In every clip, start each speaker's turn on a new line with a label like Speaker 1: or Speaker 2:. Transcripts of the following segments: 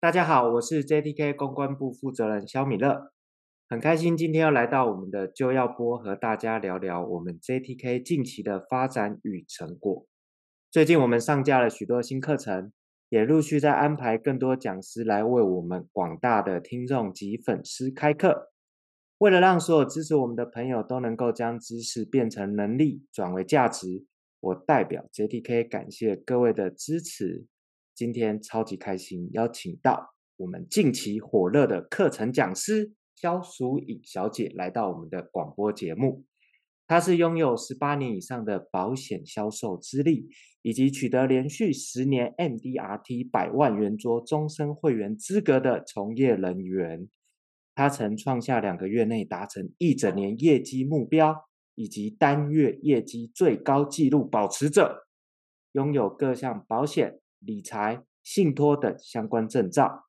Speaker 1: 大
Speaker 2: 家好，我是 JTK 公關部負責人肖米勒，很開心今天要來到我們的 Joy 要播和大家聊聊我們 JTK 近期的發展與成果。最近我們上架了許多新課程，也陸續在安排更多講師來為我們廣大的聽眾及粉絲開課。為了讓所有支持我們的朋友都能夠將知識變成能力，轉為價值，我代表 JTK 感謝各位的支持。今天超級開心，邀請到我們近期火熱的課程講師蕭淑尹小姐來到我們的廣播節目。她是擁有十八年以上的保險銷售資歷，以及取得連續十年 MDRT 百萬圓桌終身會員資格的從業人員。她曾創下兩個月內達成一整年業績目標，以及單月業績最高紀錄保持者，擁有各項保險。理財、信託等相關證照，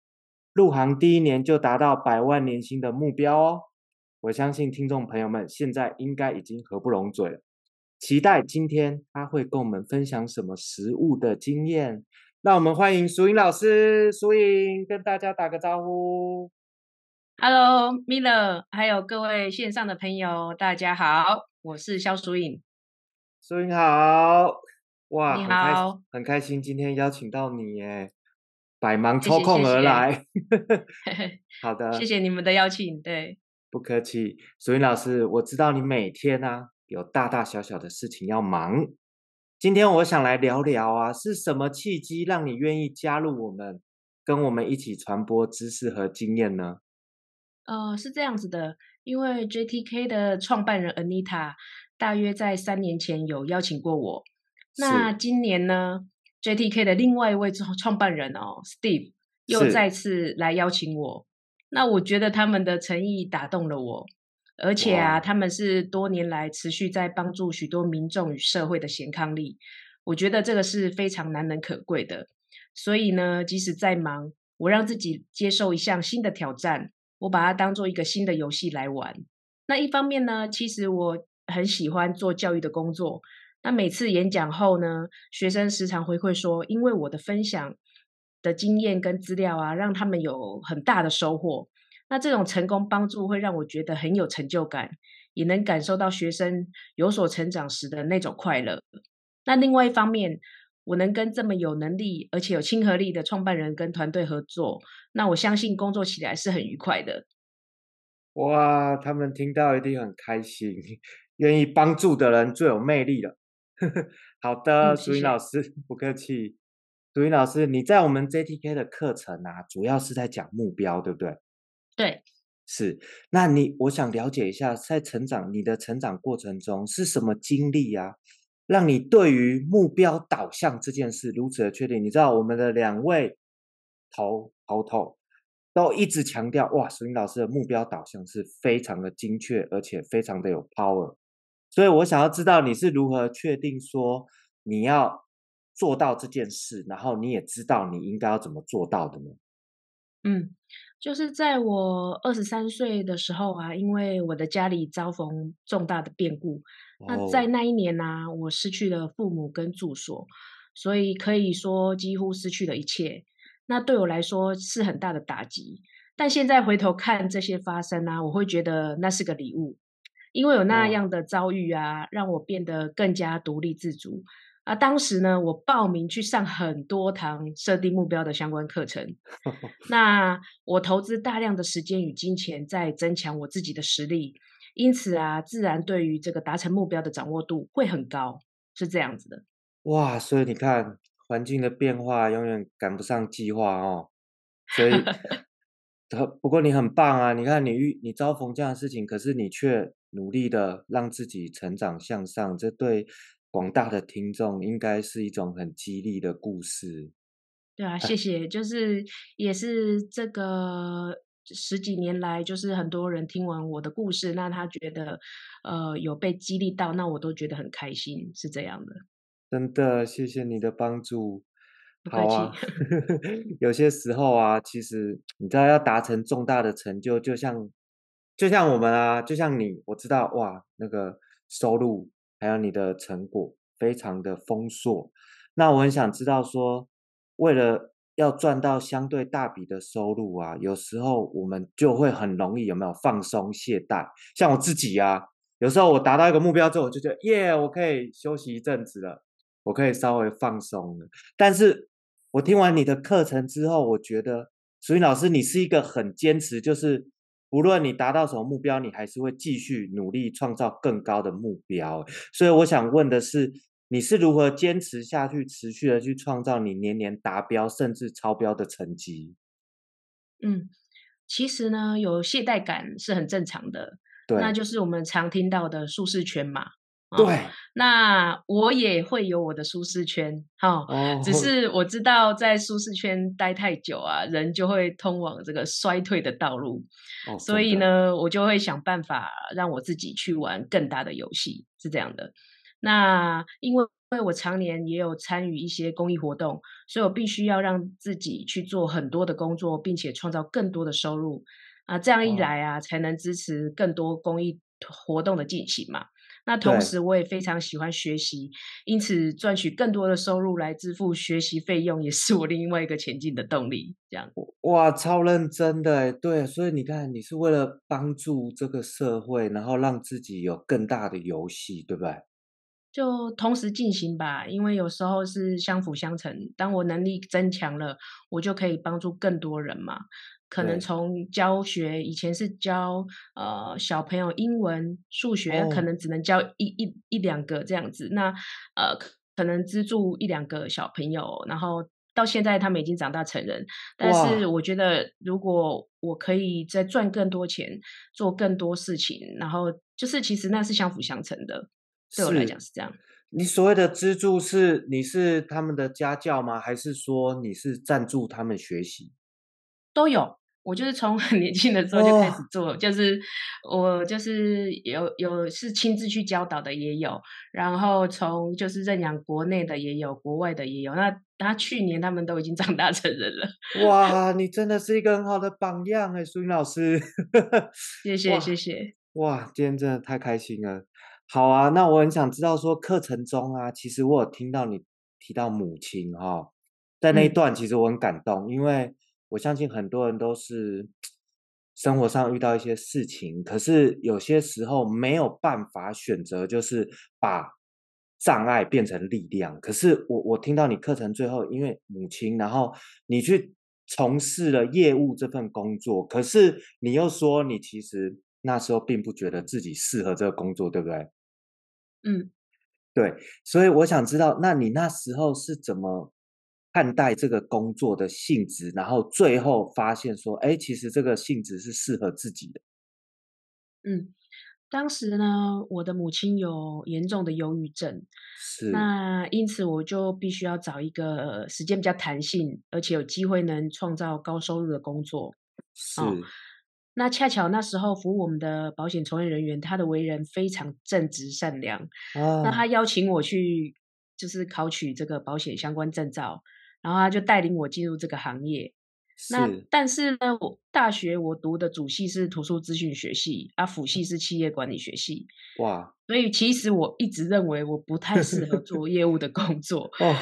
Speaker 2: 入行第一年就達到百萬年薪的目標哦！我相信聽眾朋友們現在應該已經合不攏嘴了，期待今天他會跟我們分享什麼實物的經驗。那我們歡迎蘇英老師，蘇影跟大
Speaker 1: 家打個招呼。Hello，m i l r 還有各位線上的朋友，大家好，我是肖蘇影。蘇影好。
Speaker 2: 哇，你好很、很開心今天邀請到你耶，百忙抽空而來，謝謝謝謝 好的，謝謝
Speaker 1: 你們的邀請。對，
Speaker 2: 不客氣，淑尹老師，我知道你每天呢、啊、有大大小小的事情要忙，今天我想來聊聊啊，是什麼契機讓你願意加入我們，跟我們一起傳播知識和經驗呢？哦、
Speaker 1: 呃，是這樣子的，因為 JTK 的創辦人 Anita 大約在三年前有邀請過我。那今年呢是，JTK 的另外一位創創辦人哦，Steve 又再次來邀請我。是那我覺得他們的誠意打動了我，而且啊，哇他們是多年來持續在幫助許多民眾與社會的健康力，我覺得這個是非常難能可貴的。所以呢，即使再忙，我讓自己接受一項新的挑戰，我把它當做一個新的遊戲來玩。那一方面呢，其實我很喜歡做教育的工作。那每次演講後呢，學生時常回饋說，因為我的分享的經驗跟資料啊，讓他們有很大的收穫。那這種成功幫助會讓我覺得很有成就感，也能感受到學生有所成長時的那種快樂。那另外一方面，我能跟這麼有能力而且有親和力的創辦人跟團隊合作，那我相信工作起來是很愉快的。
Speaker 2: 哇，他們聽到一定很開心，願意幫助的人最有魅力了。 好的，淑尹、嗯、老師是不客氣。淑尹老師，你在我們 JTK 的課程啊，主要是在講目標，對不對？對，是。那你我想了解一下，在成長你的成長過程中，是什麼經歷啊，讓你對於目標導向這件事如此的確定？你知道我們的兩位頭頭頭都一直強調，哇，淑尹老師的目標導向是非常的精確，而且非常的有 power。所以我想要知道你是如何確定說你要做到這件事，然後你也知道你應該要怎麼做到的呢？嗯，
Speaker 1: 就是在我二十三歲的時候啊，因為我的家裡遭逢重大的變故，oh. 那在那一年呢、啊，我失去了父母跟住所，所以可以說幾乎失去了一切。那對我來說是很大的打擊，但現在回頭看這些發生呢、啊，我會覺得那是個禮物。因為有那樣的遭遇啊，oh. 讓我變得更加獨立自主啊！當時呢，我報名去上很多堂設定目標的相關課程， 那我投資大量的時間與金錢在增強我自己的實力，因此啊，自然對於這個達成目標的掌握度會很高，是這樣子的。
Speaker 2: 哇！所以你看，環境的變化永遠趕不上計劃哦。所以， 不過你很棒啊！你看你，你遇你遭逢這樣的事情，可是你卻。努力的讓自己成長向上，這對廣大的聽眾應該是一種很激勵的故事。
Speaker 1: 對啊，謝謝，就是也是這個十幾年來，就是很多人聽完我的故事，那他覺得呃有被激勵到，那我都覺得很開心，是這樣的。
Speaker 2: 真的，謝謝你的幫助。不客氣。好啊， 有些時候啊，其實你知道要達成重大的成就，就像。就像我們啊，就像你，我知道哇，那個收入，還有你的成果非常的豐碩。那我很想知道說，為了要賺到相對大筆的收入啊，有時候我們就會很容易有沒有放鬆懈怠？像我自己啊，有時候我達到一個目標之後，我就覺得耶，我可以休息一陣子了，我可以稍微放鬆了。但是我聽完你的課程之後，我覺得淑尹老師，你是一個很堅持，就是。無論你達到什麼目標，你還是會繼續努力創造更高的目標。所以我想問的是，你是如何堅持下去，持續的去創造你年年達標甚至超標的成績？嗯，
Speaker 1: 其實呢，有懈怠感是很正常的，對那就是我們常聽到的舒適圈嘛。對、哦，那我也會有我的舒適圈，哈、哦，哦、只是我知道在舒適圈待太久啊，人就會通往這個衰退的道路，哦、所以呢，我就會想辦法讓我自己去玩更大的遊戲，是這樣的。那因為因為我常年也有參與一些公益活動，所以我必須要讓自己去做很多的工作，並且創造更多的收入啊，這樣一來啊，哦、才能支持更多公益活動的進行嘛。那同時，我也非常喜歡學習，對因此賺取更多的收入來支付學習費用，也是我另外一個前進的動力。這樣
Speaker 2: 哇，超認真的，哎，對啊，所以你看，你是為了幫助這個社會，然後讓自己有更大的遊戲，對不對？
Speaker 1: 就同時進行吧，因為有時候是相輔相成。當我能力增強了，我就可以幫助更多人嘛。可能從教學以前是教呃小朋友英文、數學，哦、可能只能教一一一兩個這樣子。那呃可能資助一兩個小朋友，然後到現在他們已經長大成人。但是我覺得，如果我可以再賺更多錢，哇做更多事情，然後就是其實那是相輔相成的。是對我來講是這樣。
Speaker 2: 你所謂的資助是你是他們的家教嗎？還是說你是贊助他們學習？
Speaker 1: 都有，我就是從很年輕的時候就開始做，哦、就是我就是有有是親自去教導的，也有，然後從就是認養國內的也有，國外的也有。那他去年他們都已經長大成人了。哇，你真的是一
Speaker 2: 個很好的榜樣哎，淑尹老師，謝 謝謝謝。哇，謝謝哇，今天真的太開心了。好啊，那我很想知道說，課程中啊，其實我有聽到你提到母親哈、哦，在那一段其實我很感動，因為、嗯。我相信很多人都是生活上遇到一些事情，可是有些時候沒有辦法選擇，就是把障礙變成力量。可是我我聽到你課程最後，因為母親，然後你去從事了業務這份工作，可是你又說你其實那時候並不覺得自己適合這個工作，對不對？嗯，對。所以我想知道，那你那時候是怎麼？看待這個工作的性質，然後最後發現說：“哎，其實這個性質是適合自己的。”
Speaker 1: 嗯，當時呢，我的母親有嚴重的憂鬱症，是。那因此我就必須要找一個時間比較彈性，而且有機會能創造高收入的工作。是。哦，那恰巧那時候服務我們的保險從業人員，他的為人非常正直善良，哦，那他邀請我去，就是考取這個保險相關證照。然後他就帶領我進入這個行業。是那但是呢，我大學我讀的主系是圖書資訊學系，啊輔系是企業管理學系。哇！所以其實我一直認為我不太適合做業務的工作。 哦。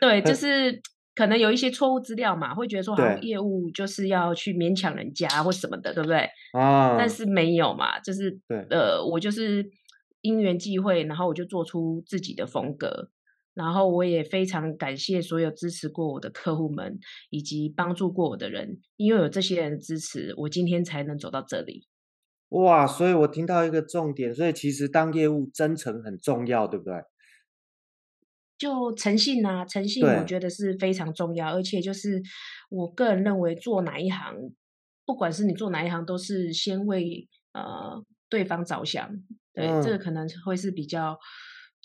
Speaker 1: 對，就是可能有一些錯誤資料嘛，會覺得說，好業務就是要去勉強人家或什麼的，對，對不對？啊。但是沒有嘛，就是，對呃，我就是因緣際會，然後我就做出自己的風格。然後我也非常感謝所有支持過我的客戶們，以及幫助過我的人，因為有這些人的支持，我今天才能走到這裡。
Speaker 2: 哇，所以我聽到一個重點，所以其實當業務真誠很重要，對不對？
Speaker 1: 就誠信啊，誠信我覺得是非常重要，對而且就是我個人認為，做哪一行，不管是你做哪一行，都是先為呃對方着想。對，嗯、這個可能會是比較。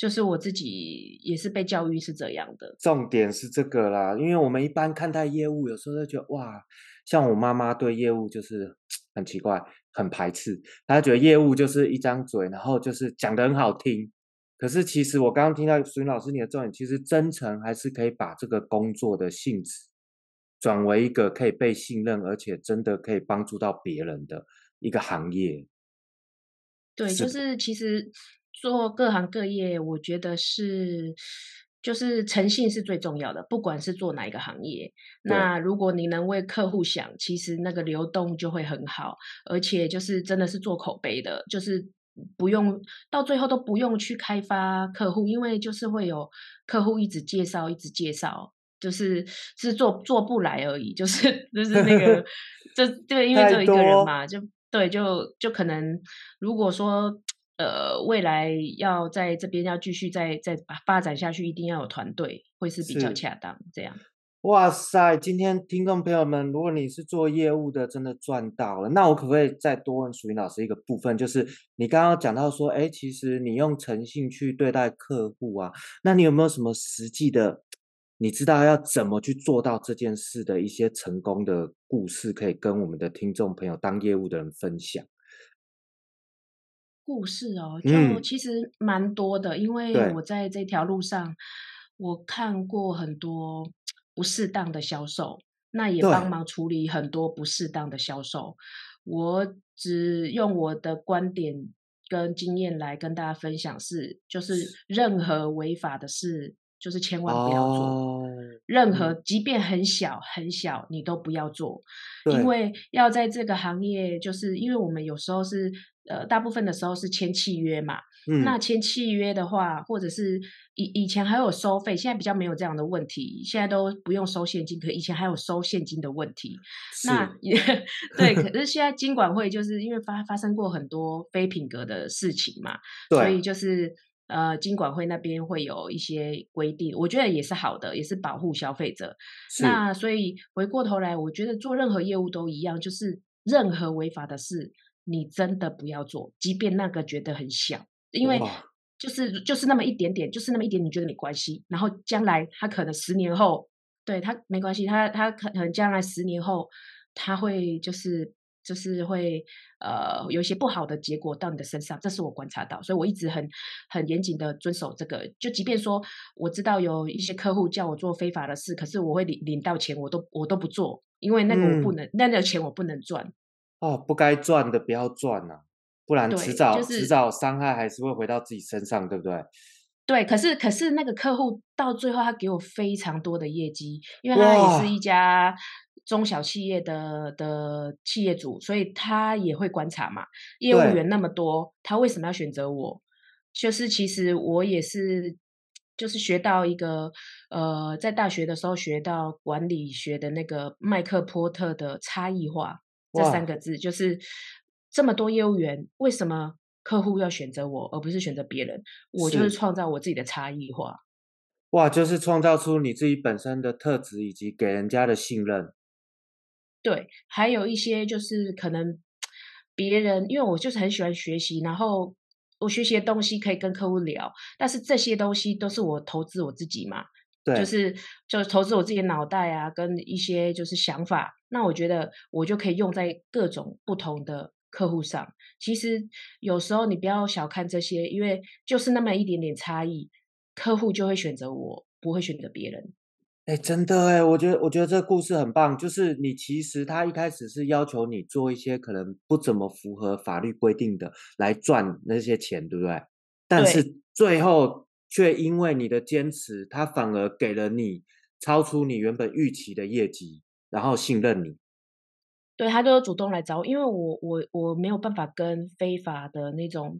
Speaker 1: 就是我自己也是被教育是這樣的，
Speaker 2: 重點是這個啦。因為我們一般看待業務，有時候就覺得哇，像我媽媽對業務就是很奇怪、很排斥，她覺得業務就是一張嘴，然後就是講得很好聽。可是其實我剛剛聽到淑尹老師你的重點，其實真誠還是可以把這個工作的性質轉為一個可以被信任，而且真的可以幫助到別人的一個行業。對，是就
Speaker 1: 是其實。做各行各業，我覺得是就是誠信是最重要的，不管是做哪一個行業。對那如果你能為客戶想，其實那個流動就會很好，而且就是真的是做口碑的，就是不用到最後都不用去開發客戶，因為就是會有客戶一直介紹，一直介紹，就是是做做不來而已，就是就是那個 就對，因為只有一個人嘛，多就對，就就可能如果說。呃，未來要在這邊要繼續再再發展下去，一定要有團隊，會是比較恰當這樣。
Speaker 2: 哇塞，今天聽眾朋友們，如果你是做業務的，真的賺到了。那我可不可以再多問淑尹老師一個部分？就是你剛剛講到說，哎，其實你用誠信去對待客戶啊，那你有沒有什麼實際的，你知道要怎麼去做到這件事的一些成功的故事，可以跟我們的聽眾朋友、當業務的人分享？
Speaker 1: 故事哦，就其實蠻多的，嗯，因為我在這條路上，對我看過很多不適當的銷售，那也幫忙處理很多不適當的銷售。對我只用我的觀點跟經驗來跟大家分享是，是就是任何違法的事。就是千萬不要做、哦、任何，嗯、即便很小很小，你都不要做，對因為要在這個行業，就是因為我們有時候是呃，大部分的時候是簽契約嘛。嗯、那簽契約的話，或者是以以前還有收費，現在比較沒有這樣的問題，現在都不用收現金，可以前還有收現金的問題。是那也 對，可是現在金管會就是因為發發生過很多非品格的事情嘛，對所以就是。呃，金管會那邊會有一些規定，我覺得也是好的，也是保護消費者。是那所以回過頭來，我覺得做任何業務都一樣，就是任何違法的事，你真的不要做，即便那個覺得很小，因為就是、哦就是、就是那麼一點點，就是那麼一點，你覺得沒關係。然後將來他可能十年後對他沒關係，他他可能將來十年後他會就是。就是會呃有一些不好的結果到你的身上，這是我觀察到，所以我一直很很嚴謹的遵守這個。就即便說我知道有一些客戶叫我做非法的事，可是我會領領到錢，我都我都不做，因為那個我不能，嗯、那那錢我不能賺。
Speaker 2: 哦，不該賺的不要賺吶，啊，不然遲早、就是、遲早傷害還是會回到自己身上，對不對？
Speaker 1: 對，可是可是那個客戶到最後他給我非常多的業績，因為他也是一家。中小企業的的企業主，所以他也會觀察嘛。
Speaker 2: 業務員那
Speaker 1: 麼多，他為什麼要選擇我？對就是其實我也是，就是學到一個，呃，在大學的時候學到管理學的那個麥克波特的差異化。哇這三個字，就是這麼多業務員，為什麼客戶要選擇我，而不是選擇別人？是我就是創造我自己的差異化。
Speaker 2: 哇，就是創造出你自己本身的特質，以及給人家的信任。
Speaker 1: 對，還有一些就是可能別人，因為我就是很喜歡學習，然後我學習的東西可以跟客戶聊，但是這些東西都是我投資我自己嘛，對，就是就是投資我自己的腦袋啊，跟一些就是想法，那我覺得我就可以用在各種不同的客戶上。其實有時候你不要小看這些，因為就是那麼一點點差異，客戶就會選擇我，不會選擇別人。
Speaker 2: 哎，真的哎，我覺得我覺得這個故事很棒。就是你其實，他一開始是要求你做一些可能不怎麼符合法律規定的來賺那些錢，對不對？但是最後卻因為你的堅持，他反而給了你超出你原本預期的業績，然後信任你。
Speaker 1: 對，他都有主動來找我，因為我我我沒有辦法跟非法的那種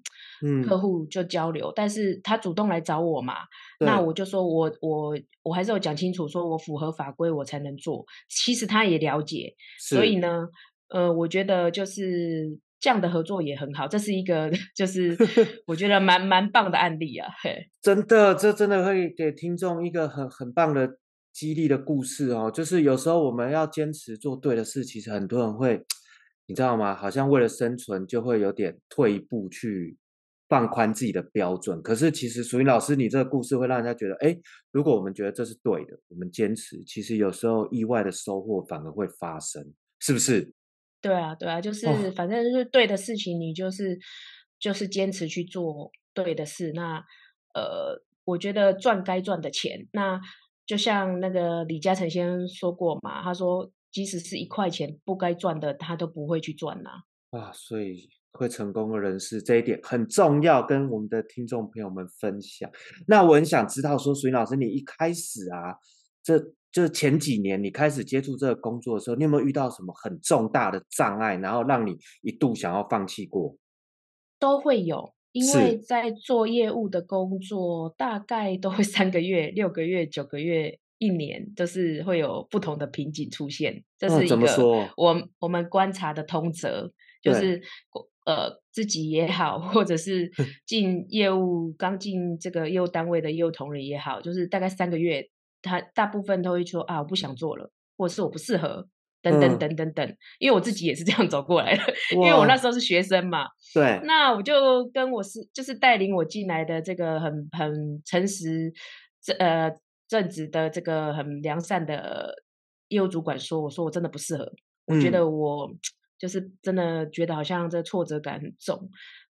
Speaker 1: 客戶就交流，嗯、但是他主動來找我嘛，對那我就說我我我還是有講清楚，說我符合法規我才能做。其實他也了解，是所以呢，呃，我覺得就是這樣的合作也很好，這是一個就是我覺得蠻 蠻棒的案例啊。嘿
Speaker 2: 真的，這真的會給聽眾一個很很棒的。激勵的故事哦，就是有時候我們要堅持做對的事，其實很多人會，你知道嗎？好像為了生存，就會有點退一步去放寬自己的標準。可是其實，淑尹老師，你這個故事會讓人家覺得，哎，如果我們覺得這是對的，我們堅持，其實有時候意外的收穫反而會發生，是不是？
Speaker 1: 對啊，對啊，就是、哦、反正就是對的事情，你就是就是堅持去做對的事。那呃，我覺得賺該賺的錢，那。就像那個李嘉誠先生說過嘛，他說即使是一塊錢不該賺的，他都不會去賺吶、
Speaker 2: 啊。啊，所以會成功的人士這一點很重要，跟我們的聽眾朋友們分享。那我很想知道說，說淑尹老師，你一開始啊，這就是前幾年你開始接觸這個工作的時候，你有沒有遇到什麼很重大的障礙，然後讓你一度想要放棄過？
Speaker 1: 都會有。因為在做業務的工作，是大概都會三個月、六個月、九個月、一年，都、就是會有不同的瓶頸出現。這是一個我我們觀察的通則，嗯、就是呃自己也好，或者是進業務 剛進這個業務單位的業務同仁也好，就是大概三個月，他大部分都會說啊，我不想做了，或者是我不適合。等等等等等，因為我自己也是這樣走過來的，哇因為我那時候是學生嘛。對。那我就跟我是就是帶領我進來的這個很很誠實、呃正直的這個很良善的業務主管說：“我說我真的不適合，嗯、我覺得我就是真的覺得好像這挫折感很重。”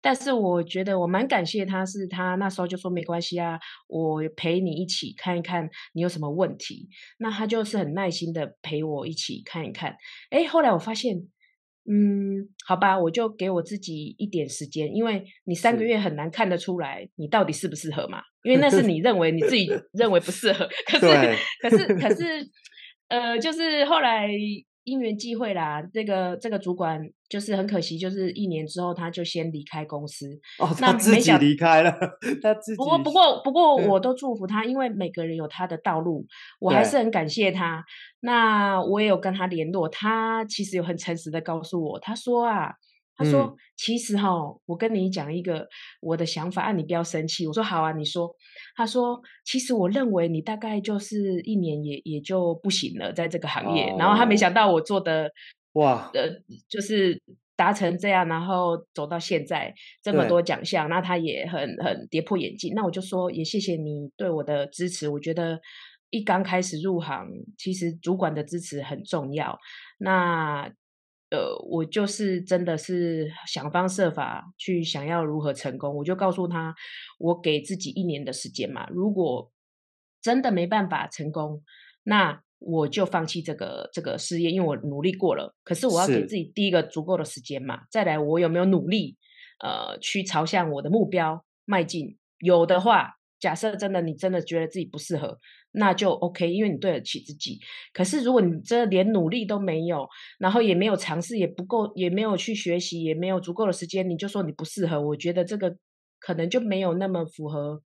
Speaker 1: 但是我覺得我蠻感謝他，是他那時候就說沒關係啊，我陪你一起看一看你有什麼問題。那他就是很耐心的陪我一起看一看。哎，後來我發現，嗯，好吧，我就給我自己一點時間，因為你三個月很難看得出來你到底適不適合嘛，是因為那是你認為 你自己認為不適合，可是，對 可是，可是，呃，就是後來。因緣際會啦，這個這個主管就是很可惜，就是一年之後他就先離開公司。哦，他自己離開了，他自己。不過不過不過，不過不過我都祝福他，唉因為每個人有他的道路，我還是很感謝他。對那我也有跟他聯絡，他其實有很誠實的告訴我，他說啊。他說：“嗯、其實哈，我跟你講一個我的想法，啊、你不要生氣。”我說：“好啊，你說。”他說：“其實我認為你大概就是一年也也就不行了，在這個行業。哦”然後他沒想到我做的哇，呃，就是達成這樣，然後走到現在這麼多獎項，對那他也很很跌破眼鏡。那我就說，也謝謝你對我的支持。我覺得一剛開始入行，其實主管的支持很重要。那。呃，我就是真的是想方設法去想要如何成功，我就告訴他，我給自己一年的時間嘛。如果真的沒辦法成功，那我就放棄這個這個事業，因為我努力過了。可是我要給自己第一個足夠的時間嘛。是再來，我有沒有努力？呃，去朝向我的目標邁進。有的話，假設真的你真的覺得自己不適合。那就 OK，因為你對得起自己。可是如果你真的連努力都沒有，然後也沒有嘗試，也不夠，也沒有去學習，也沒有足夠的時間，你就說你不適合。我覺得這個可能就沒有那麼符合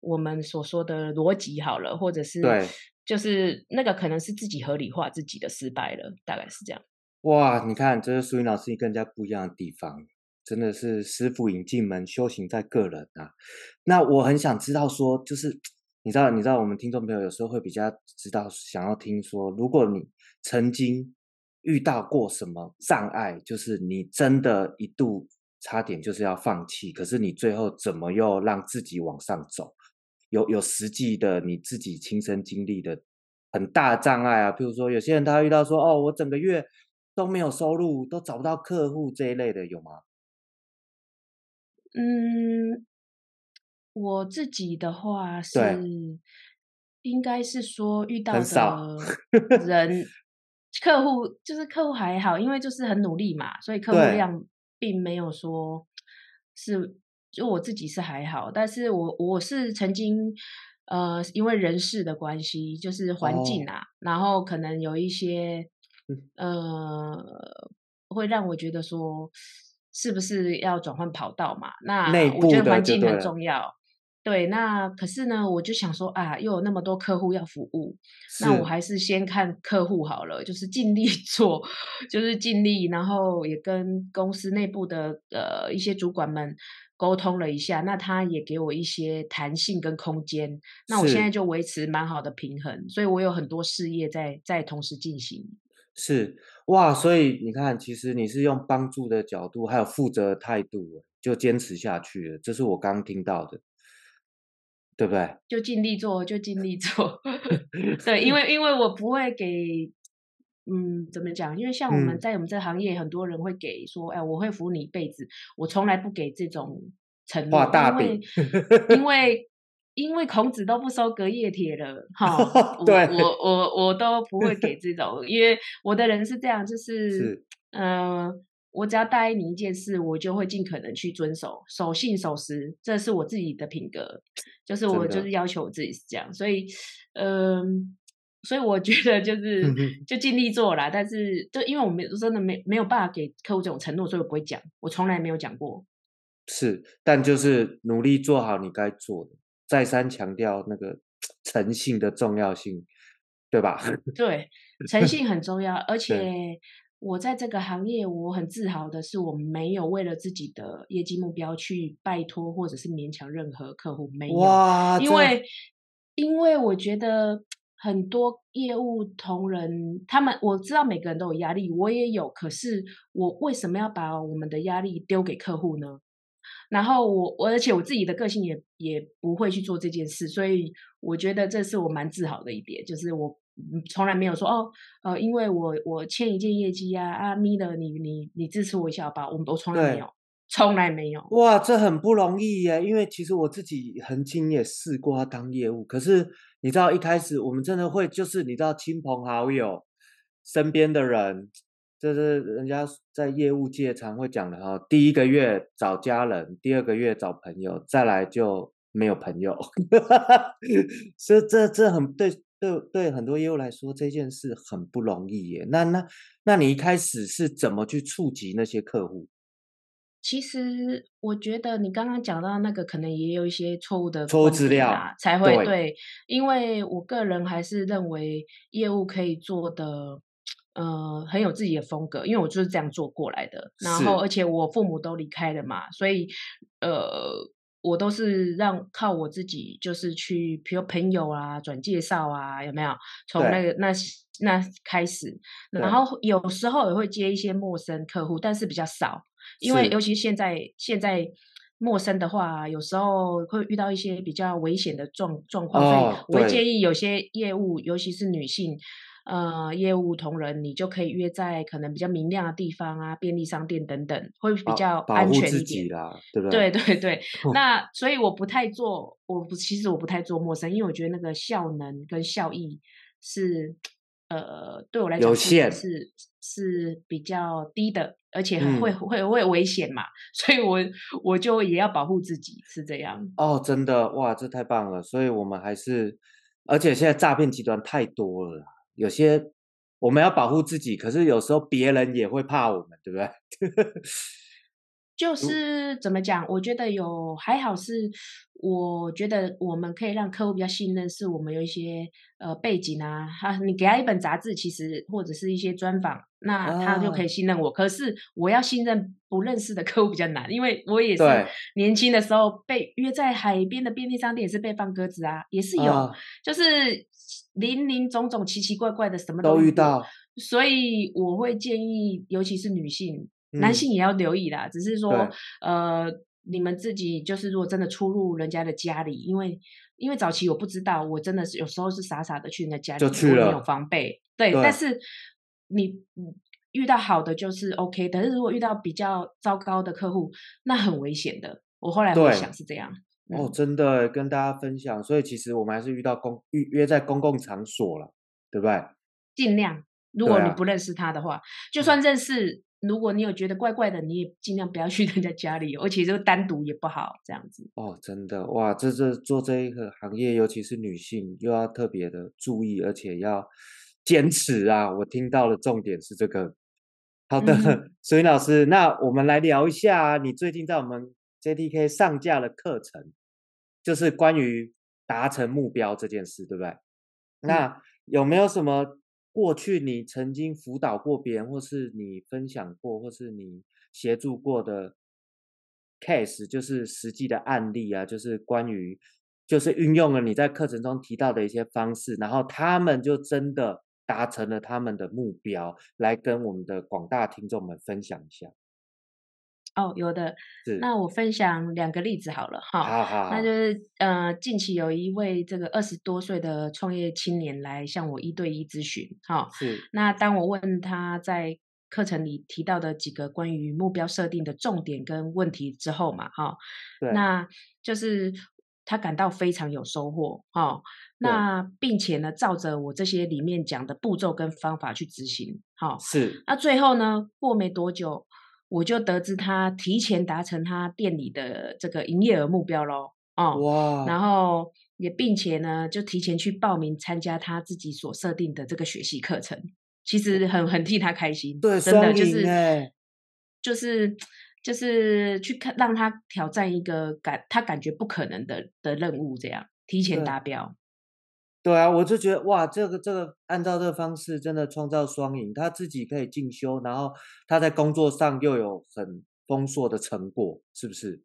Speaker 1: 我們所說的邏輯好了，或者是就是那個可能是自己合理化對自己的失敗了，大概是這樣。
Speaker 2: 哇，你看，這是淑尹老師你跟人家不一樣的地方，真的是師傅引進門，修行在個人啊。那我很想知道說，就是。你知道，你知道我們聽眾朋友有時候會比較知道想要聽說，如果你曾經遇到過什麼障礙，就是你真的一度差點就是要放棄，可是你最後怎麼又讓自己往上走？有有實際的你自己親身經歷的很大的障礙啊，譬如說，有些人他遇到說哦，我整個月都沒有收入，都找不到客戶這一類的，有嗎？嗯。
Speaker 1: 我自己的話是，應該是說遇到的人客戶就是客戶還好，因為就是很努力嘛，所以客戶量並沒有說是就我自己是還好，但是我我是曾經呃，因為人事的關係，就是環境啊，然後可能有一些呃，會讓我覺得說是不是要轉換跑道嘛？那我覺得環境很重要。對，那可是呢，我就想說啊，又有那麼多客戶要服務，是那我還是先看客戶好了，就是盡力做，就是盡力，然後也跟公司內部的呃一些主管們溝通了一下，那他也給我一些彈性跟空間，是那我現在就維持蠻好的平衡，所以我有很多事業在在同時進行。
Speaker 2: 是哇，所以你看，其實你是用幫助的角度，還有負責的態度，就堅持下去了，這是我剛聽到的。對
Speaker 1: 不對？就盡力做，就盡力做。 對，因為因為我不會給，嗯，怎麼講？因為像我們在我們這行業，嗯、很多人會給說，哎，我會服你一輩子，我從來不給這種承諾。因為， 因為因為孔子都不收隔夜帖了，哈、 哦。我 對我我，我都不會給這種，因為我的人是這樣，就是嗯。是呃我只要答應你一件事，我就會盡可能去遵守、守信、守時，這是我自己的品格，就是我就是要求我自己是這樣。的所以，嗯、呃，所以我覺得就是就盡力做啦。 但是就因為我們真的沒沒有辦法給客戶這種承諾，所以我不會講，我從來沒有講過。
Speaker 2: 是，但就是努力做好你該做的，再三強調那個誠信的重要性，對吧？對，
Speaker 1: 誠信很重要， 而且。我在這個行業，我很自豪的是，我沒有為了自己的業績目標去拜託或者是勉強任何客戶。沒有，哇因為樣因為我覺得很多業務同仁，他們我知道每個人都有壓力，我也有。可是我為什麼要把我們的壓力丟給客戶呢？然後我，而且我自己的個性也也不會去做這件事，所以我覺得這是我蠻自豪的一點，就是我。從來沒有說哦，呃，因為我我簽一件業績呀啊咪的，你你你支持我一下好吧，我們都從來沒有，對從來沒有。哇，這很不容易
Speaker 2: 耶，因為其實我自己曾經也試過當業務，可是你知道一開始我們真的會就是你知道親朋好友身邊的人，就是人家在業務界常會講的哈，第一個月找家人，第二個月找朋友，再來就沒有朋友。 所以這這很對。對對，很多業務來說這件事很不容易耶。那那那你一開始是怎麼去觸及那些客戶？
Speaker 1: 其實我覺得你剛剛講到那個，可能也有一些錯誤的錯誤資料才會對。對，因為我個人還是認為業務可以做的，呃，很有自己的風格。因為我就是這樣做過來的，是然後而且我父母都離開了嘛，所以呃。我都是讓靠我自己，就是去，比如朋友啊、轉介紹啊，有沒有？從那個對那那開始，然後有時候也會接一些陌生客戶，但是比較少，因為尤其現在是現在陌生的話，有時候會遇到一些比較危險的狀狀況，所以、oh, 我會建議有些業務，對尤其是女性。呃，業務同仁，你就可以約在可能比較明亮的地方啊，便利商店等等，會比較安全一點，
Speaker 2: 啊、啦對不對？對對，
Speaker 1: 對，對 那所以我不太做，我不其實我不太做陌生，因為我覺得那個效能跟效益是，呃，對我來講是有限是，是比較低的，而且很會、嗯、會會危險嘛，所以我我就也要保護自己，是這樣。
Speaker 2: 哦，真的哇，這太棒了，所以我們還是，而且現在詐騙集團太多了。有些我們要保護自己，可是有時候別人也會怕我們，對不對？
Speaker 1: 就是怎麼講？我覺得有還好是，我覺得我們可以讓客戶比較信任，是我們有一些呃背景啊。哈、啊，你給他一本雜誌，其實或者是一些專訪，那他就可以信任我。啊、可是我要信任不認識的客戶比較難，因為我也是年輕的時候被對約在海邊的便利商店也是被放鴿子啊，也是有，啊、就是。林林總總、奇奇怪怪的什麼都，都遇到，所以我會建議，尤其是女性，嗯、男性也要留意啦。只是說，對呃，你們自己就是如果真的出入人家的家裡，因為因為早期我不知道，我真的是有時候是傻傻的去人家家裡，就沒有防備。對，對但是你遇到好的就是 OK，但是如果遇到比較糟糕的客戶，那很危險的。我後來會想是這樣。哦，
Speaker 2: 真的跟大家分享，所以其實我們還是遇到公預約在公共場所了，對不對？
Speaker 1: 盡量，如果你不認識他的話，啊、就算認識，如果你有覺得怪怪的，你也盡量不要去人家家裡，而且這個單獨也不好這樣子。
Speaker 2: 哦，真的哇，這這做這一個行業，尤其是女性，又要特別的注意，而且要堅持啊！我聽到的重點是這個。好的，淑尹、嗯、老師，那我們來聊一下、啊，你最近在我們。JD 上架的課程，就是關於達成目標這件事，對不對？嗯、那有沒有什麼過去你曾經輔導過別人，或是你分享過，或是你協助過的 case，就是實際的案例啊？就是關於，就是運用了你在課程中提到的一些方式，然後他們就真的達成了他們的目標，來跟我們的廣大聽眾們分享一下。
Speaker 1: 哦，oh, 有的。是那我分享兩個例子好了，哈、oh, 好好好，那就是呃，近期有一位這個二十多歲的創業青年來向我一對一諮詢，哈、oh,，是。那當我問他在課程裡提到的幾個關於目標設定的重點跟問題之後嘛，哈、oh, 對，那就是他感到非常有收穫，哈、oh, 對，那並且呢，照着我這些裡面講的步驟跟方法去執行，好、oh,，是。那最後呢，過沒多久。我就得知他提前達成他店裡的這個營業額目標咯，哦、嗯，哇，Wow. 然後也並且呢，就提前去報名參加他自己所設定的這個學習課程，其實很很替他開心，對，真的就是就是就是去看讓他挑戰一個感他感覺不可能的的任務，這樣提前達標。
Speaker 2: 對啊，我就覺得哇，這個這個按照這個方式真的創造雙贏，他自己可以進修，然後他在工作上又有很豐碩的成果，是不是？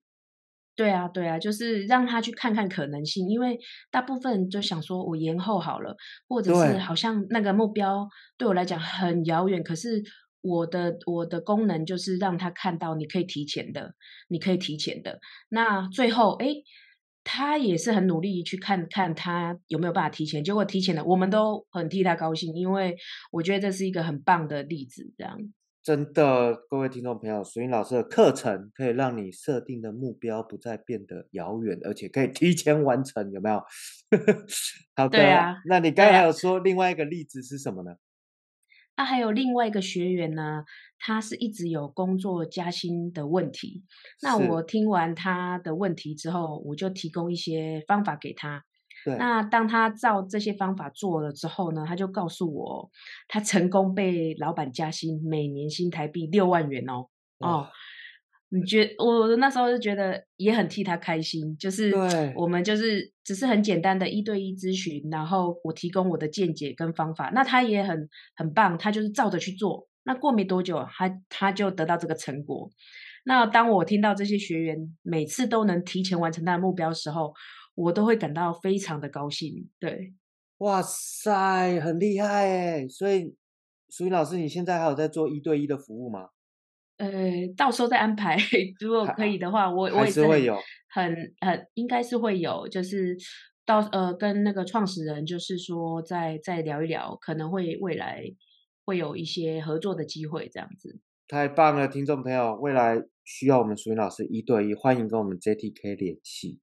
Speaker 1: 對啊，對啊，就是讓他去看看可能性，因為大部分就想說我延後好了，或者是好像那個目標對我來講很遙遠，可是我的我的功能就是讓他看到你可以提前的，你可以提前的，那最後哎。誒他也是很努力去看看他有沒有辦法提前，結果提前了，我們都很替他高興，因為我覺得這是一個很棒的例子，這樣。
Speaker 2: 真的，各位聽眾朋友，淑尹老師的課程可以讓你設定的目標不再變得遙遠，而且可以提前完成，有沒有？ 好的。啊、那你剛才還有說另外一個例子是什麼呢？
Speaker 1: 那還有另外一個學員呢，他是一直有工作加薪的問題。是那我聽完他的問題之後，我就提供一些方法給他。對那當他照這些方法做了之後呢，他就告訴我，他成功被老闆加薪，每年新台幣六萬元哦。嗯、哦。你覺我那時候就覺得也很替他開心，就是我們就是只是很簡單的一對一諮詢，然後我提供我的見解跟方法，那他也很很棒，他就是照着去做。那過沒多久，他他就得到這個成果。那當我聽到這些學員每次都能提前完成他的目標的時候，我都會感到非常的高興。對，哇
Speaker 2: 塞，很厲害誒！所以，淑尹老師，你現在還有在做一對一的服務嗎？
Speaker 1: 呃，到時候再安排。如果可以的話，我會有，我也是
Speaker 2: 很
Speaker 1: 很應該是會有，就是到呃跟那個創始人就是說再再聊一聊，可能會未來會有一些合作的機會這樣子。
Speaker 2: 太棒了，聽眾朋友，未來需要我們淑尹老師一對一，歡迎跟我們 JTK 聯繫。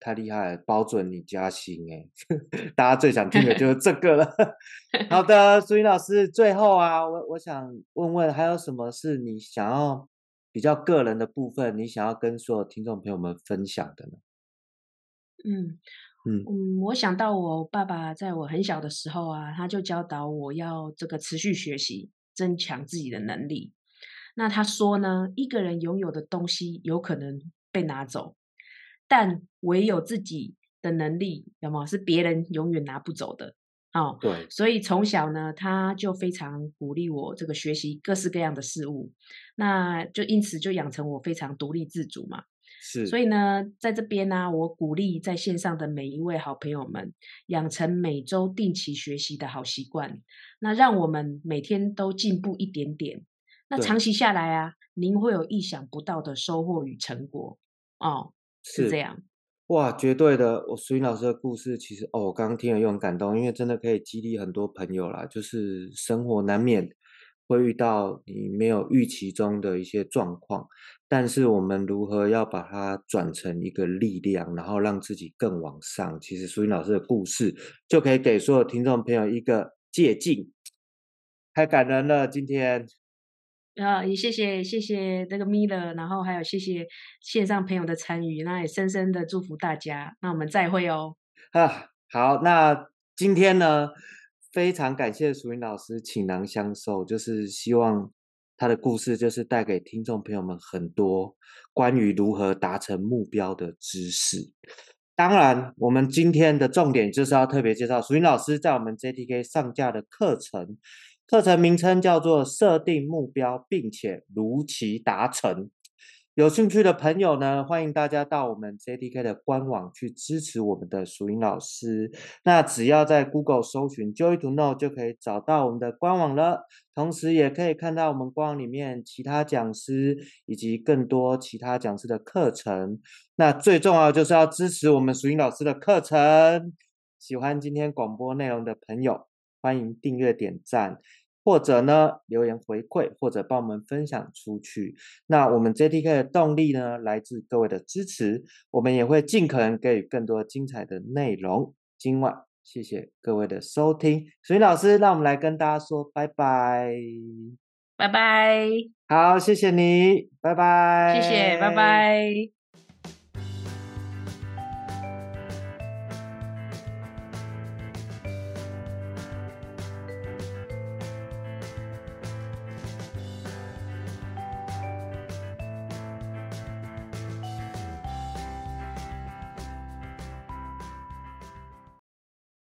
Speaker 2: 太厲害了，保準你加薪誒 大家最想聽的就是這個了。 好的， 淑尹老師，最後啊，我我想問問，還有什麼是你想要比較個人的部分，你想要跟所有聽眾朋友們分享的
Speaker 1: 呢？嗯嗯嗯，我想到我爸爸在我很小的時候啊，他就教導我要這個持續學習，增強自己的能力。那他說呢，一個人擁有的東西有可能被拿走。但唯有自己的能力，有沒有，是別人永遠拿不走的。哦、對。所以從小呢，他就非常鼓勵我這個學習各式各樣的事物，那就因此就養成我非常獨立自主嘛。是。所以呢，在這邊呢、啊，我鼓勵在線上的每一位好朋友們，養成每週定期學習的好習慣。那讓我們每天都進步一點點。
Speaker 2: 那長期
Speaker 1: 下來啊，對您會有意想不到的收穫與成果哦。是,
Speaker 2: 是這樣，哇，絕對的！我淑尹老師的故事，其實哦，我剛剛聽了又很感動，因為真的可以激勵很多朋友啦。就是生活難免會遇到你沒有預期中的一些狀況，但是我們如何要把它轉成一個力量，然後讓自己更往上？其實淑尹老師的故事就可以給所有聽眾朋友一個借鏡。太感人了，今天。
Speaker 1: 啊、哦，也謝謝也謝謝那個米勒，然後還有謝謝線上朋友的參與，那也深深的祝福大家，那我們再會哦。
Speaker 2: 啊，好，那今天呢，非常感謝淑尹老師傾囊相授，就是希望他的故事就是帶給聽眾朋友們很多關於如何達成目標的知識。當然，我們今天的重點就是要特別介紹淑尹老師在我們 JTK 上架的課程。課程名稱叫做設定目標，並且如期達成。有興趣的朋友呢，歡迎大家到我們 JDK 的官網去支持我們的淑尹老師。那只要在 Google 搜尋 Joy to Know，就可以找到我們的官網了。同時，也可以看到我們官網裡面其他講師以及更多其他講師的課程。那最重要的就是要支持我們淑尹老師的課程。喜歡今天廣播內容的朋友，歡迎訂閱、點讚。或者呢，留言回饋，或者幫我們分享出去。那我們 JTK 的動力呢，來自各位的支持。我們也會盡可能給予更多精彩的內容。今晚謝謝各位的收聽，淑尹老師，讓我們來跟大家說拜拜，
Speaker 1: 拜拜 bye。
Speaker 2: 好，謝謝你，拜拜。謝謝，拜拜。